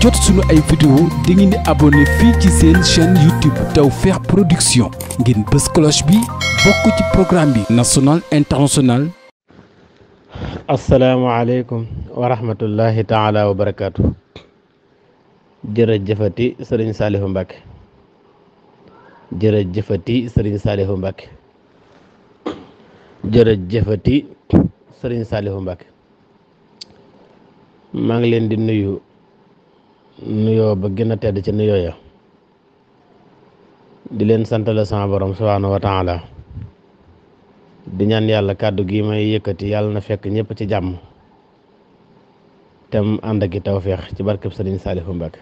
jot suñu ay vidéo da ngeen di abonné fii ci seen chaîne YouTube Tawfekh Production ngeen bës cloche bi bokk ci programme bi national international asalaamaaleykum wa rahmatullahi taala wa barakaatu jërëjëfati sëriñ Saalihu Mbàkke maa ngi leen di nuyu nuyoo ba gën a tedd ci nuyoo ya di leen santale sama borom subhaanahu wa taala di ñaan yàlla kàddu gi may yëkkati yàlla na fekk ñëpp ci jàmm tem ànd ak i tawféex ci barkeb sëriñ Saalifu Mbàkke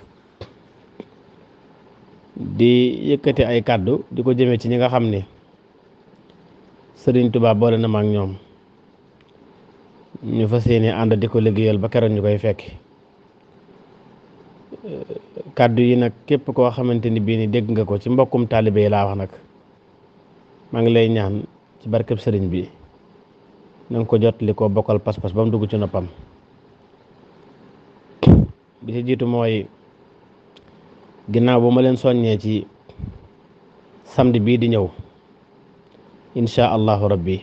di yëkkati ay kàddu di ko jëmee ci ñi nga xam ni sëriñ tubaab boole na ak ñoom ñu fas yéene ànd di ko liggéeyal ba keroon ñu koy fekki kàddu yi nag képp koo xamante ni bii ni dégg nga ko ci mbokkum taalibe yi laa wax nag maa ngi lay ñaan ci barkeb sëriñ bi na ko jot li ko bokkal pas-pas ba mu dugg ci noppam bi ci jiitu mooy ginnaaw bu ma leen soññee ci samedi bii di ñëw insha allahu rabbi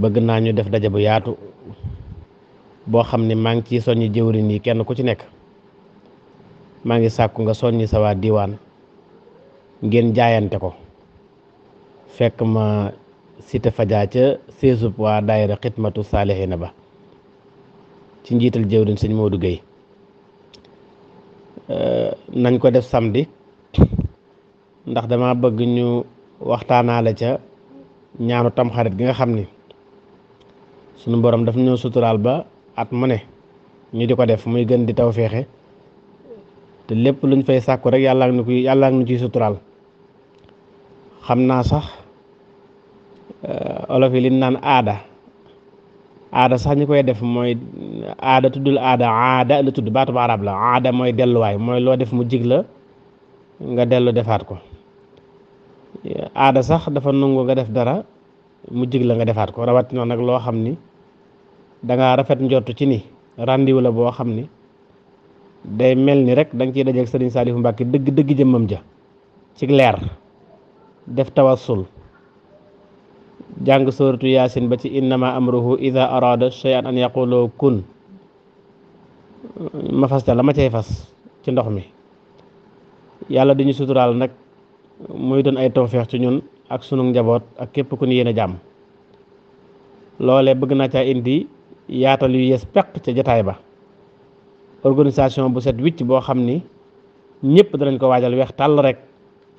bëgg naa ñu def daje bu yaatu boo xam ne maa ngi ciy soññi jëwrin yi kenn ku ci nekk maa ngi sàkku nga soññi sa waa diwaan ngeen jaayante ko fekk ma cité Fadia ca seesub waa daayira xidmatu saalihina ba ci njiital jëwrin sëñ Modou Gueye euh, nañ ko def samedi ndax dama bëgg ñu waxtaanaale ca ñaanu tamxarit gi nga xam ni sunu borom daf ñoo suturaal ba at mu ne ñu di ko def muy gën di taw féexe te lépp luñ fay sàkku rek yàlla ak nu kuy yàlla ak nu ciy suturaal xam naa sax eh, olof yi liñ naan aada aada sax ñu koy def mooy aada tuddul aada aada la tudd baatub arab la aada mooy delluwaay mooy loo def mu jig la nga dellu defaat ko eh, aada sax dafa nangu nga def dara mu jig la nga defaat ko rawatina nag loo xam ni dangaa rafet njort ci ni rendez-vous la boo xam ni day mel ni rek da nga ciy dajeeg sëriñ Saalihu Mbàkke dëgg dëgg jëmmam ja ci leer def tawassul jàng sóoratu yaasin ba ci innama amruhu ida arada shay'an an yaquloo kun ma fas la ma cay fas ci ndox mi yàlla duñu suturaal nag muy doon ay tawfeex ci ñun ak sunu njaboot ak képp ku ñu yéen a jàmm loole bëgg naa caa indi yaatal yu yees peq ca jataay ba organisation bu set wicc boo xam ni ñëpp danañ ko waajal weex tàll rek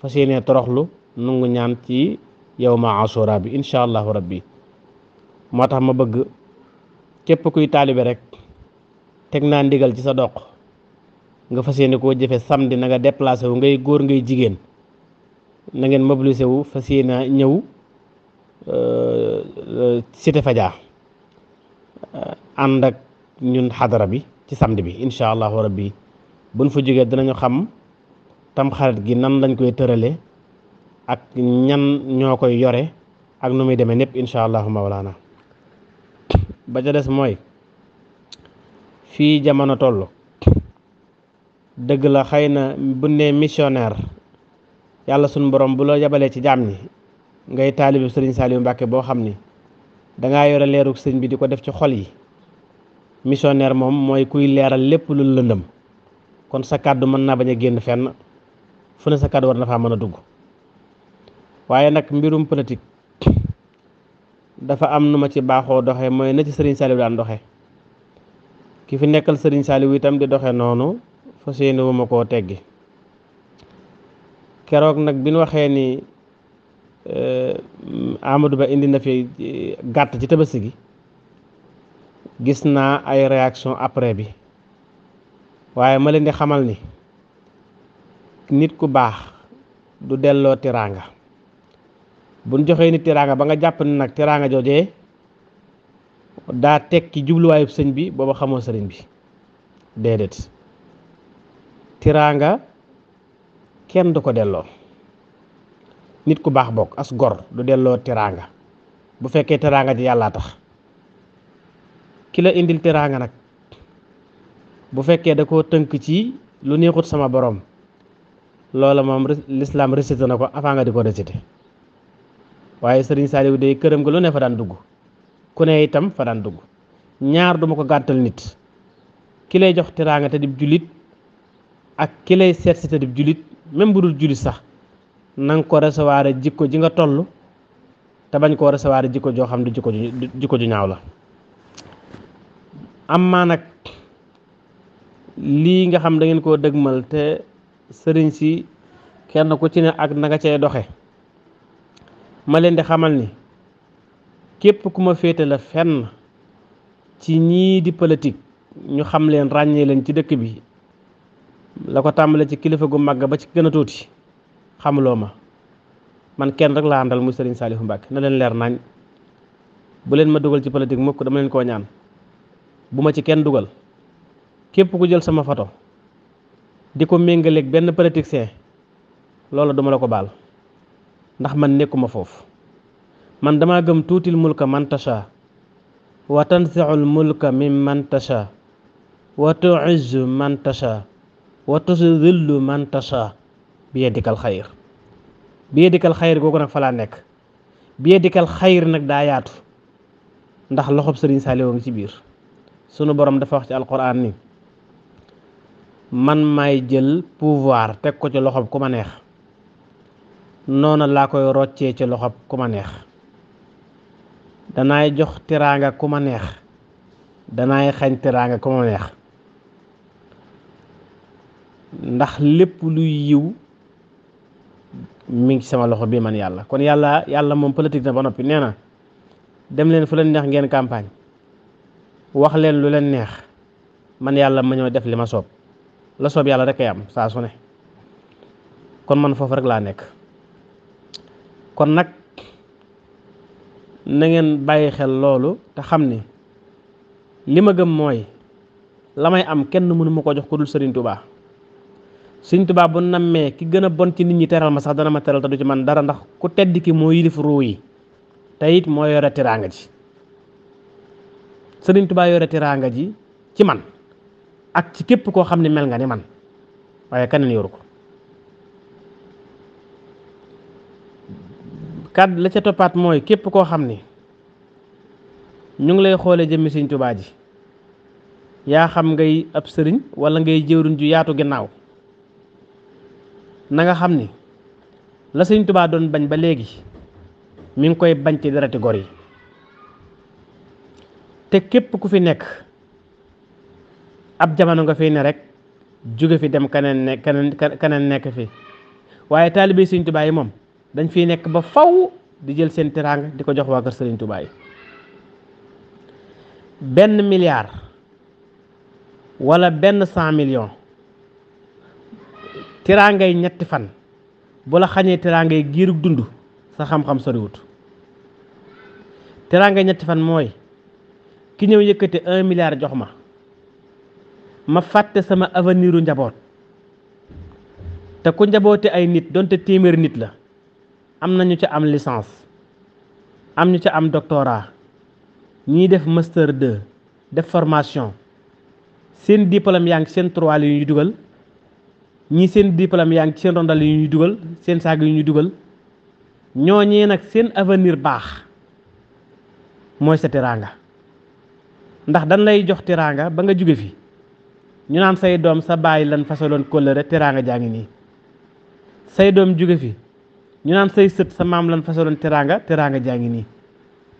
fas yéenee toroxlu nungu ñaan ci yow ma asura bi incha allahu rabbi moo tax ma bëgg képp kuy taalibe rek teg naa ndigal ci sa doq nga fas yéene koo jëfe samedi na nga déplacé wu ngay góor ngay jigéen na ngeen mobilisé wu fas yéene ñëw euh, euh, cité Fadia ànd ak ñun xadara bi ci samedi bi incha allahu rabbi buñ fa jógee dinañu xam tamxarit gi nan lañ koy tërale ak ñan ñoo koy yore ak nu muy demee népp incha allahu mawlaana ba ca des mooy fii jamono toll dëgg la xëy na bu ne missionnaire yàlla sunu borom bu la yabalee ci jaam ñi ngay taalibu Serigne Saliou Mbacke boo xam ni dangaa yore leerug sëñ bi di ko def ci xol yi missionnaire moom mooy kuy leeral lépp lu lëndëm kon sa kàddu mën naa bañ a génn fenn fu ne sa kàddu war na faa mën a dugg waaye nag mbirum politique dafa am nu ma ci baaxoo doxe mooy na ci sëriñ Saliou daan doxe ki fi nekkal sëriñ Saliou itam di doxe noonu fas yéene wu ma koo teggi keroog nag bi ñu waxee ni Euh, Amadou Ba indi na fi euh, gàtt ci tabaski gi gis naa ay réaction après bi waaye ma leen di xamal ni nit ku baax du delloo tiraanga buñ joxee nit tiraanga ba nga jàpp ne nag tiraanga joojee daa tekki jubluwaayu sëñ bi booba xamoo sëriñ bi déedéet tiraanga kenn du ko delloo nit ku baax bokk as gor du delloo teraanga bu fekkee teraanga di yàllaa tax ki la indil teraanga nag bu fekkee da koo tënk ci lu neexut sama borom loola moom lislaam récité na ko avant nga di ko récité waaye sëriñ de day këram ga lu ne fa daan dugg ku ne itam fa daan dugg ñaar duma ko gàntal nit ki lay jox teraanga te dib jullit ak ki lay seet si jullit même bu dul jullit sax nanga ko recevoir jikko ji nga toll te bañ koo recevoir jikko joo xam ne jikko ju jikko ju ñaaw la am maa nag lii nga xam dangeen koo dëgmal te sëriñ si kenn ku ci ne ak nanga nga cay doxe ma leen di xamal ni képp ku ma féete fenn ci ñii di politique ñu xam leen ràññee leen ci dëkk bi la ko tàmbale ci kilifa gu màgg ba ci gën a tuuti xamuloo ma man kenn rek laa àndal muy Serigne Saliou Mbacke na leen leer nañ bu leen ma dugal ci politique mukk dama leen koo ñaan bu ma ci kenn dugal képp ku jël sama photo di ko méngaleeg benn politicien loolu duma la ko baal ndax man nekkuma foofu man dama gëm tuutil mulka man tasha wa tansiul mulka min man tasha wa tuizzu man wa tuzillu man tasha bi yedikal xayir bi yedikal xayir googu nag fa laa nekk bi yedikal xayir nag daa yaatu ndax loxob sëriñ Saaliw ngi ci biir sunu boroom dafa wax ci alquran ni man may jël pouvoir teg ko ci loxob ku ma neex noona laa koy roccee ci loxob ku ma neex danaay jox teraanga ku ma neex danaay xañ teraanga ku ma neex ndax lépp luy yiw mi ngi ci sama loxo bii man yàlla kon yàlla yàlla moom politique na ba noppi nee na dem leen fu leen neex ngeen campagne wax leen lu leen neex man yàlla ma ñëw def li ma soob la soob yàlla rek ay am saa su ne kon man foofu rek laa nekk kon nag na ngeen bàyyi xel loolu te xam ni li ma gëm mooy la may am kenn mënu ma ko jox ku dul Serigne Touba. Sëñ Tuubaa bu nammee ki gën a bon ci nit ñi teral ma sax dana ma teral te du ci man dara ndax ku tedd ki moo yilif ruu yi te it moo yore nga ji Sëriñ tubaa yore nga ji ci man ak ci képp koo xam ne mel nga ni man waaye keneen yoru ko kat la ca toppaat mooy képp koo xam ni ñu ngi lay xoole jëmmi Sëñ tubaa ji yaa xam ngay ab sëriñ wala ngay jëwriñ ju yaatu ginnaaw nanga xam ni la sëñ tubaa doon bañ ba léegi mi ngi koy bañ ci dereti gor yi te képp ku fi nekk ab jamono nga fi ne rek jóge fi dem keneen ne keneen nekk fi waaye taalibe sëñ tubaa yi moom dañ fiy nekk ba faw di jël seen teraanga di ko jox waa kër sëriñ tubaa yi benn milliard wala benn cent million teraangay ñetti fan bu la xañee teraangay giirug dund sa xam-xam soriwut teraangay ñetti fan mooy ki ñëw yëkkate un milliard jox ma ma fàtte sama aveniru njaboot te ku njaboote ay nit donte téeméeri nit la am na ñu ca am licence am ñu ca am doctorat ñiy def master 2 def formation seen diplôme yaa ngi seen trois yu ñu dugal ñi seen diplôme yaa ngi seen rondal yu ñuy dugal seen saag yu ñuy dugal ñoo ñooñee nag seen avenir baax mooy sa teraanga ndax dañ lay jox teraanga ba nga jóge fi ñu naan say doom sa baay lan fasaloon kóllëre teraanga jaa ngi nii say doom jóge fi ñu naan say sët sa maam lan fasaloon teraanga teraanga jaa ngi nii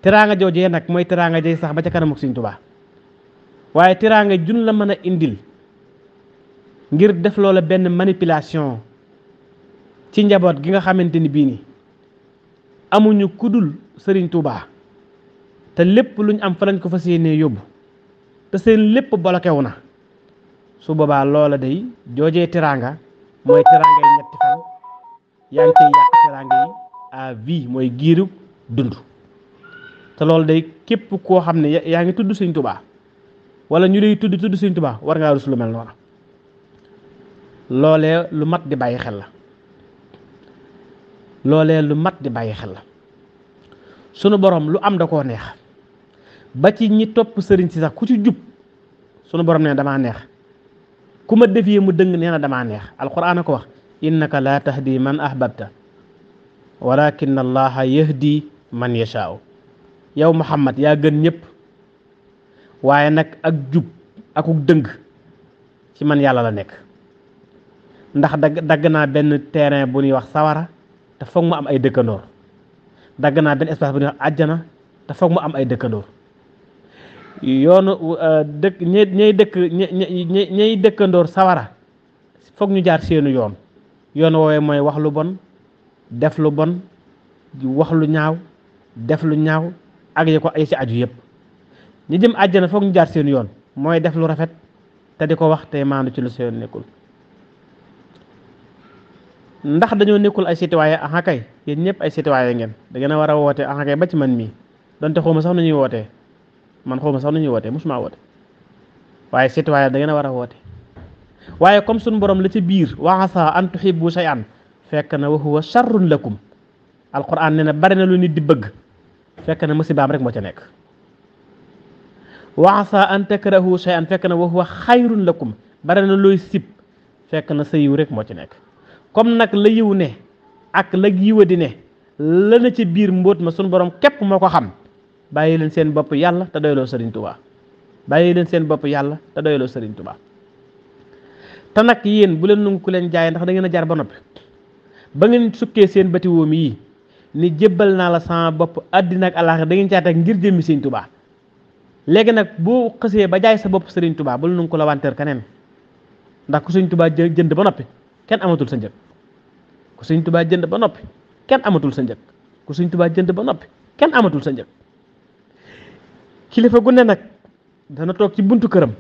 teraanga joojee nag mooy teraanga jay sax ba ca kanamuk Sëñ Tuubaa waaye teraanga jun la mën a indil ngir def loole benn manipulation ci njaboot gi nga xamante ni bii nii amuñu ku dul sëriñ Touba te lépp luñ am fa lañ ko fas yéenee yóbbu te seen lépp bolokewu na su boobaa loola day joojee teraanga mooy teraanga yi ñetti fan yaa ngi koy yàq teraanga yi à mooy giiru dund te loolu day képp koo xam ne yaa ngi tudd sëñ Touba wala ñu lay tudd tudd sëñ Touba war ngaa rus lu mel noonu loolee lu mat di bàyyi xel la loole lu mat di bàyyi xel la sunu boroom lu am da koo neex ba ci ñi topp sëriñ si sax ku ci jub sunu borom nee damaa neex ku ma defee mu dëng nee na damaa neex alquran a ko wax innaka laa tax di man ahbabta walakin allaha di man yashaau yow muhammad yaa gën ñépp waaye nag ak jub akuk dëng ci man yàlla la nekk ndax dagg dagg naa benn terrain bu ñuy wax sawara te foog mu am ay dëkkandoor dagg naa benn espace bu ñuy wax àjjana te foog mu am ay dëkkandoor yoonu euh, dëkk ñay ñay dëkk ñay dëkkandoor sawara foog ñu jaar seenu yoon yoon woowee mooy wax lu bon def lu bon wax lu ñaaw def lu ñaaw ak yi ko ay ci aju yëpp ñu jëm àjjana foog ñu jaar seenu yoon mooy def lu rafet te di ko wax te maandu ci lu seen nekkul ndax dañoo nekkul ay citoyen aha kay yéen ñëpp ay citoyen ngeen da ngeen a war a woote aha kay ba ci man mii donte xawma sax nu ñuy wootee man xawma sax nu ñuy wootee mosuma woote waaye citoyen da ngeen a war a woote waaye comme suñu borom la ci biir wa asa an tuhibbu shay'an fekk na wa huwa sharrun lakum alquran nee na bari na lu nit di bëgg fekk na musibaam rek moo ca nekk wa asa an takrahu shay'an fekk na wa huwa xayrun lakum bari na looy sib fekk na sa yiw rek moo ci nekk comme nag la yiw ne ak la yiwa di ne la na ci biir mbóot ma sunu borom képp moo ko xam bàyyi leen seen bopp yàlla te doyloo Sëriñ Tuubaa bàyyi leen seen bopp yàlla te doyloo Sëriñ Tuubaa te nag yéen bu leen nungu ku leen jaay ndax da ngeen a jaar ba noppi ba ngeen sukkee seen bëti wóom yi ni jébbal naa la sama bopp àddina ak alaaxira da ngeen caa ngir jëmmi Sëriñ Tuubaa léegi nag boo xësee ba jaay sa bopp Sëriñ Tuubaa bul nungu ko la wanteer keneen ndax ku Sëriñ Tuubaa jënd ba noppi kenn amatul sa njëg ku sëñ tubaa jënd ba noppi kenn amatul sa njëg ku sëñ tubaa jënd ba noppi kenn amatul sa njëg kilifa gu nag dana toog ci buntu këram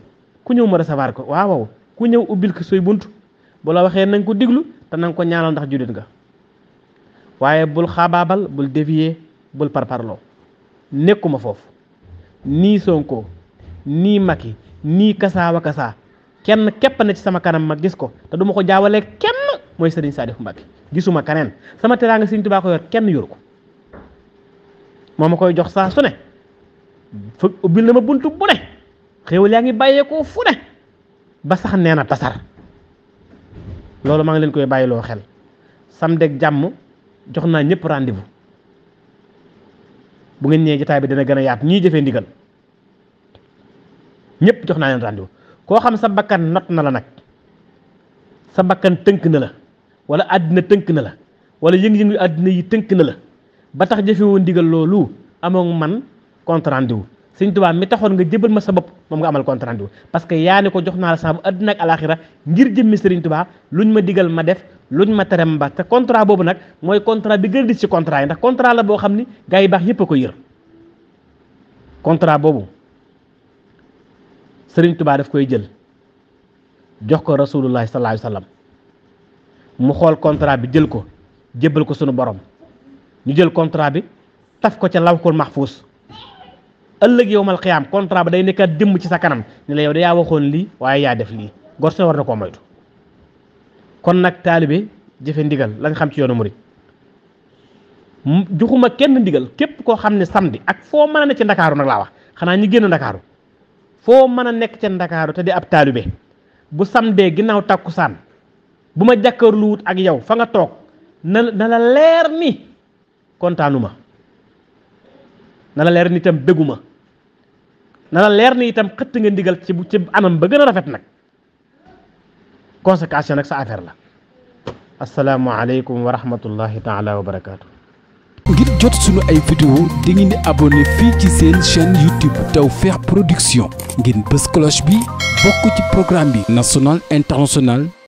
ku ñëw ma recevoir ko waawaw ku ñëw ubbil ko sooy buntu bu la waxee na ko diglu te na ko ñaanal ndax jullit nga waaye bul xaabaabal bul dévier bul parparloo nekkuma foofu nii Sonko nii Macky nii kasaa wa kasaa kenn képp na ci sama kanam ma gis ko te duma ko jaawale kenn mooy sëriñ Saalihu Mbàkke gisuma kaneen sama teraanga sëriñ Tuubaa ko yor kenn yoru ko moo ma koy jox saa su ne fa ubbil na ma buntu bu ne xéewal yaa ngi bàyyeekoo fu ne ba sax nee na tasar loolu maa ngi leen koy bàyyiloo xel samedi ak jàmm jox naa ñëpp rendez-vous bu ngeen ñëwee jotaay bi dina gën a yaatu ñii jëfee ndigal ñëpp jox naa leen rendez koo xam sa bakkan not na la nag sa bakkan tënk na la wala àddina tënk na la wala yëng-yëngu àddina yi tënk na la ba tax jëfe woon ndigal loolu amoo man compte rendu sëñ Tuubaa mi taxoon nga jëbal ma sa bopp moom nga amal compte parce que yaa ne ko jox naa la saabu àddina ak alaxira ngir jëmmi tubaa lu luñ ma digal ma def luñ ma tere ma ba te contrat boobu nag mooy contrat bi gën a dis ci contrat yi ndax contrat la boo xam ni gars yi baax yépp a ko yër contrat boobu sëriñ tubaa daf koy jël jox ko rasulullahi sallallahu alayhi wa sallam mu xool contrat bi jël ko jébbal ko sunu borom ñu jël contrat bi taf ko ca lawkul maxfuus ëllëg yowmal xiyaam contrat ba day nekkaat dëmm ci sa kanam ñu la yow da yaa waxoon lii waaye yaa def lii gor su war na koo moytu kon nag taalibe jëfe ndigal la nga xam ci yoonu murid joxuma kenn ndigal képp koo xam ne samdi ak foo mën a nekk ca ndakaaru nag laa wax xanaa ñi génn ndakaaru foo mën a nekk ca ndakaaru te di ab taalibe bu samdee ginnaaw takkusaan bu ma jàkkaarluwut ak yow fa nga toog na na la leer ni kontaanuma na la leer ni itam bëgguma na la leer ni itam xëtt nga ndigal ci ci anam ba gën a rafet nag conséquence nag sa affaire la asalaamaaleykum wa rahmatullahi taala wa barakaatu. ngir jot sunu ay vidéo di ngeen di abonné fii ci seen chaîne YouTube feex Production ngir bës cloche bi bokk ci programme bi national international